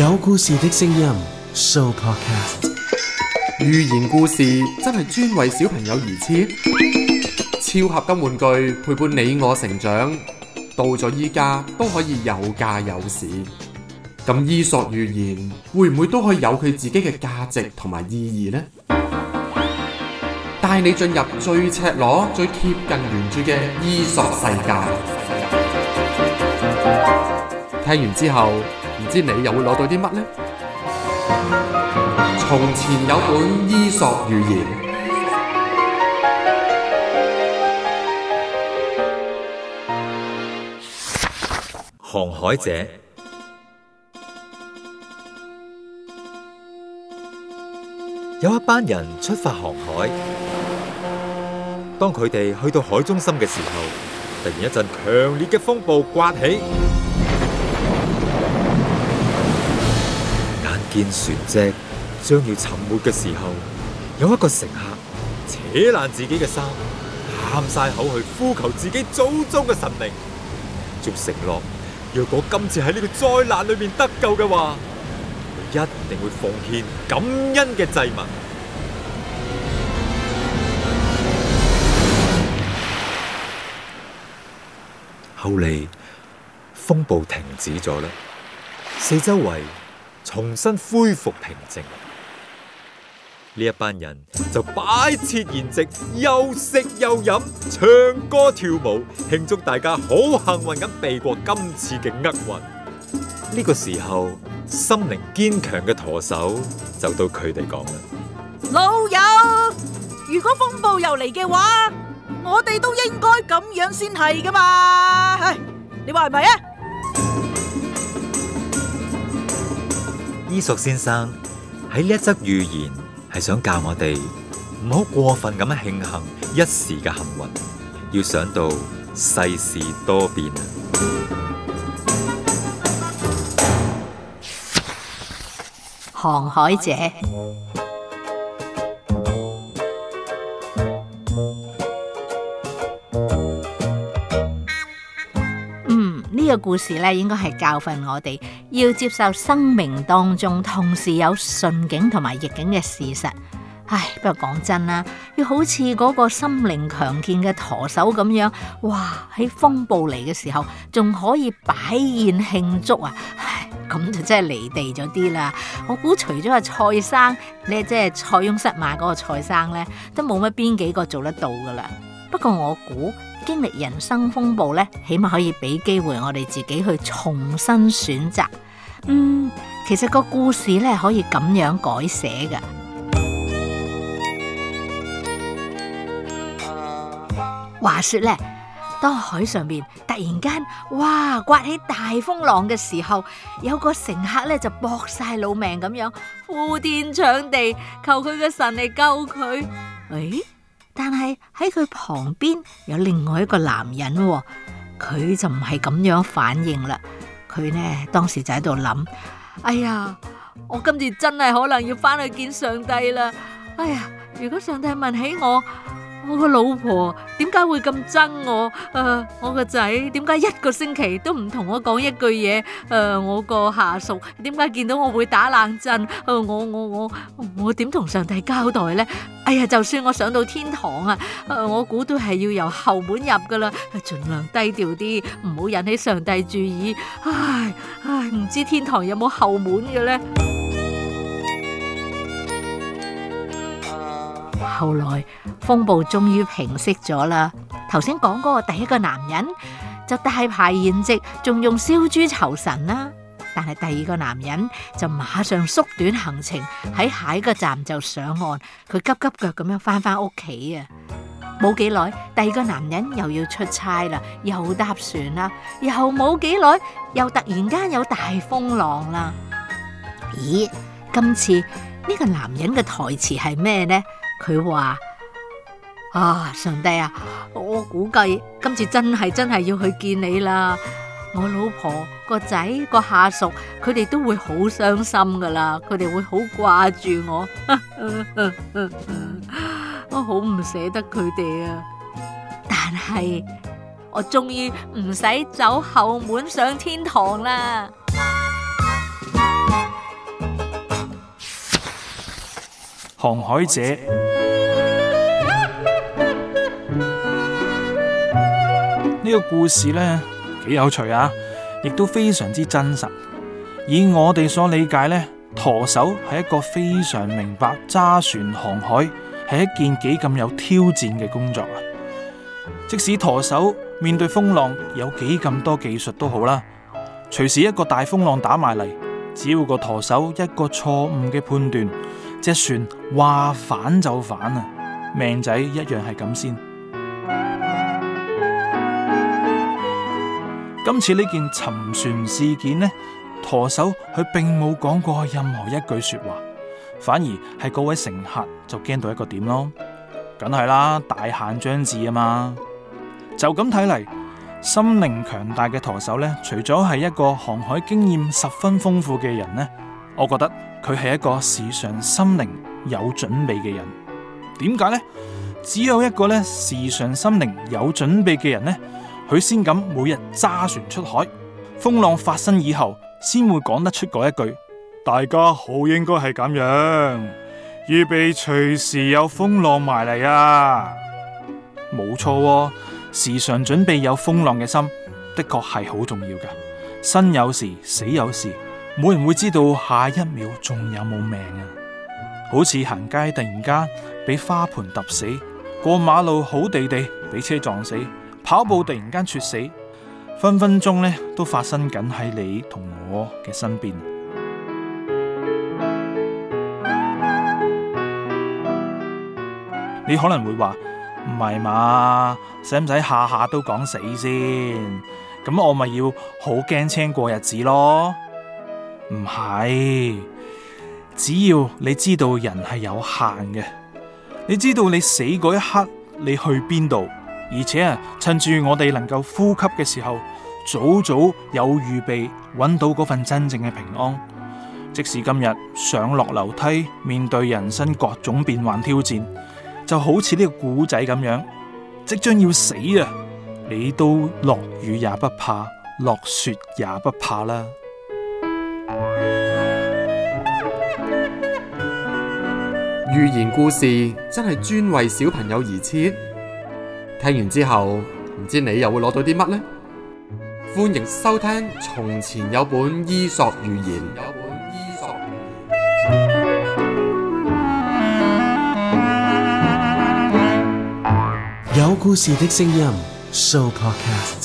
有故事的聲音，Sooo Podcast。寓言故事真係專為小朋友而設，超合金玩具陪伴你我成長，到咗依家都可以有價有市。咁伊索寓言會唔會都可以有佢自己嘅價值同埋意義呢？帶你進入最赤裸、最貼近原著嘅伊索世界。聽完之後。唔知你又會攞到啲乜呢？從前有本《伊索寓言》，《航海者》有一班人出發航海，當佢哋去到海中心嘅時候，突然一陣強烈嘅風暴刮起。見船隻將要沉沒嘅時候，有一個乘客扯爛自己嘅衫，喊晒口去，呼求自己祖宗嘅神明，仲承諾：若果今次喺呢個災難裏面得救嘅話，我一定會奉獻感恩嘅祭物。後嚟，風暴停止咗啦，四周圍，重新恢復平靜，呢一班人就擺設筵席，又食又飲，唱歌跳舞，慶祝大家好幸運咁避過今次嘅厄運。呢、這個時候，心靈堅強嘅舵手就對佢哋講啦：老友，如果風暴又嚟嘅話，我哋都應該咁樣先係噶嘛？你話係咪啊？伊索先生喺呢一則寓言係想教我哋唔好過分咁樣慶幸一時嘅幸運，要想到世事多變啊！航海者。呢個故事咧，應該係教訓我哋要接受生命當中同時有順境同埋逆境嘅事實。唉，不過講真啦，要好似嗰個心靈強健嘅舵手咁樣，哇喺風暴嚟嘅時候仲可以擺宴慶祝啊！唉，咁就真係離地咗啲啦。我估除咗阿、啊、蔡生咧，即係蔡翁失馬嗰個蔡生咧，都冇乜邊幾個做得到噶啦。不過我估經歷人生風暴咧，起碼可以俾機會我哋自己去重新選擇。嗯，其實個故事咧可以咁樣改寫㗎。 話說咧，當海上面突然間哇颳起大風浪嘅時候，有個乘客咧就搏晒老命咁樣呼天搶地求佢個神嚟救佢。誒、哎？但係喺佢旁邊有另外一個男人喎，佢就唔係咁樣反應啦。佢呢當時就喺度諗：哎呀，我今次真係可能要返去見上帝啦！哎呀，如果上帝問起我。我個老婆點解會咁憎我？誒、呃，我個仔點解一個星期都唔同我講一句嘢？誒、呃，我個下屬點解見到我會打冷震？誒、呃，我我我我點同上帝交代呢？哎呀，就算我上到天堂啊，誒、呃，我估都係要由後門入噶啦，盡量低調啲，唔好引起上帝注意。唉唉，唔知天堂有冇後門嘅呢？後來風暴終於平息咗啦。頭先講嗰個第一個男人就大排筵席，仲用燒豬酬神啦、啊。但係第二個男人就馬上縮短行程，喺下一個站就上岸。佢急急腳咁樣翻返屋企啊！冇幾耐，第二個男人又要出差啦，又搭船啦，又冇幾耐，又突然間有大風浪啦。咦？今次呢、呢個男人嘅台詞係咩呢？佢話：啊、哦，上帝啊，我估計今次真係真係要去見你啦！我老婆個仔個下屬，佢哋都會好傷心噶啦，佢哋會好掛住我， 我好唔捨得佢哋啊！但係我終於唔使走後門上天堂啦。航海者呢個故事呢，幾有趣啊，亦都非常之真實。以我哋所理解呢，舵手係一個非常明白揸船航海係一件幾咁有挑戰嘅工作啊。即使舵手面對風浪有幾咁多技術都好啦，隨時一個大風浪打埋嚟，只要個舵手一個錯誤嘅判斷。隻船話反就反啊，命仔一樣係咁先。今次呢件沉船事件呢，舵手佢並冇講過任何一句說話，反而係嗰位乘客就驚到一個點咯。梗係啦，大限將至啊嘛。就咁睇嚟，心靈強大嘅舵手呢，除咗係一個航海經驗十分豐富嘅人呢。我覺得佢係一個時常心靈有準備嘅人，點解呢？只有一個咧時常心靈有準備嘅人呢，佢先敢每日揸船出海，風浪發生以後，先會講得出嗰一句：大家好應該係咁樣，預備隨時有風浪埋嚟啊！冇錯、哦，時常準備有風浪嘅心，的確係好重要㗎，生有時，死有時。冇人會知道下一秒仲有冇命啊！好似行街突然間俾花盆揼死，過馬路好地地俾車撞死，跑步突然間猝死，分分鐘咧都發生緊喺你同我嘅身邊。 你可能會話唔係嘛，使唔使下下都講死先？咁我咪要好驚青過日子咯？唔係，只要你知道人係有限嘅，你知道你死嗰一刻你去邊度，而且啊，趁住我哋能夠呼吸嘅時候，早早有預備，搵到嗰份真正嘅平安。即使今日上落樓梯，面對人生各種變幻挑戰，就好似呢個古仔咁樣，即將要死啊，你都落雨也不怕，落雪也不怕啦。寓言故事真係專為小朋友而設，聽完之後唔知你又會攞到啲乜呢？歡迎收聽《從前有本伊索寓言》，有故事的聲音，Sooo Podcast。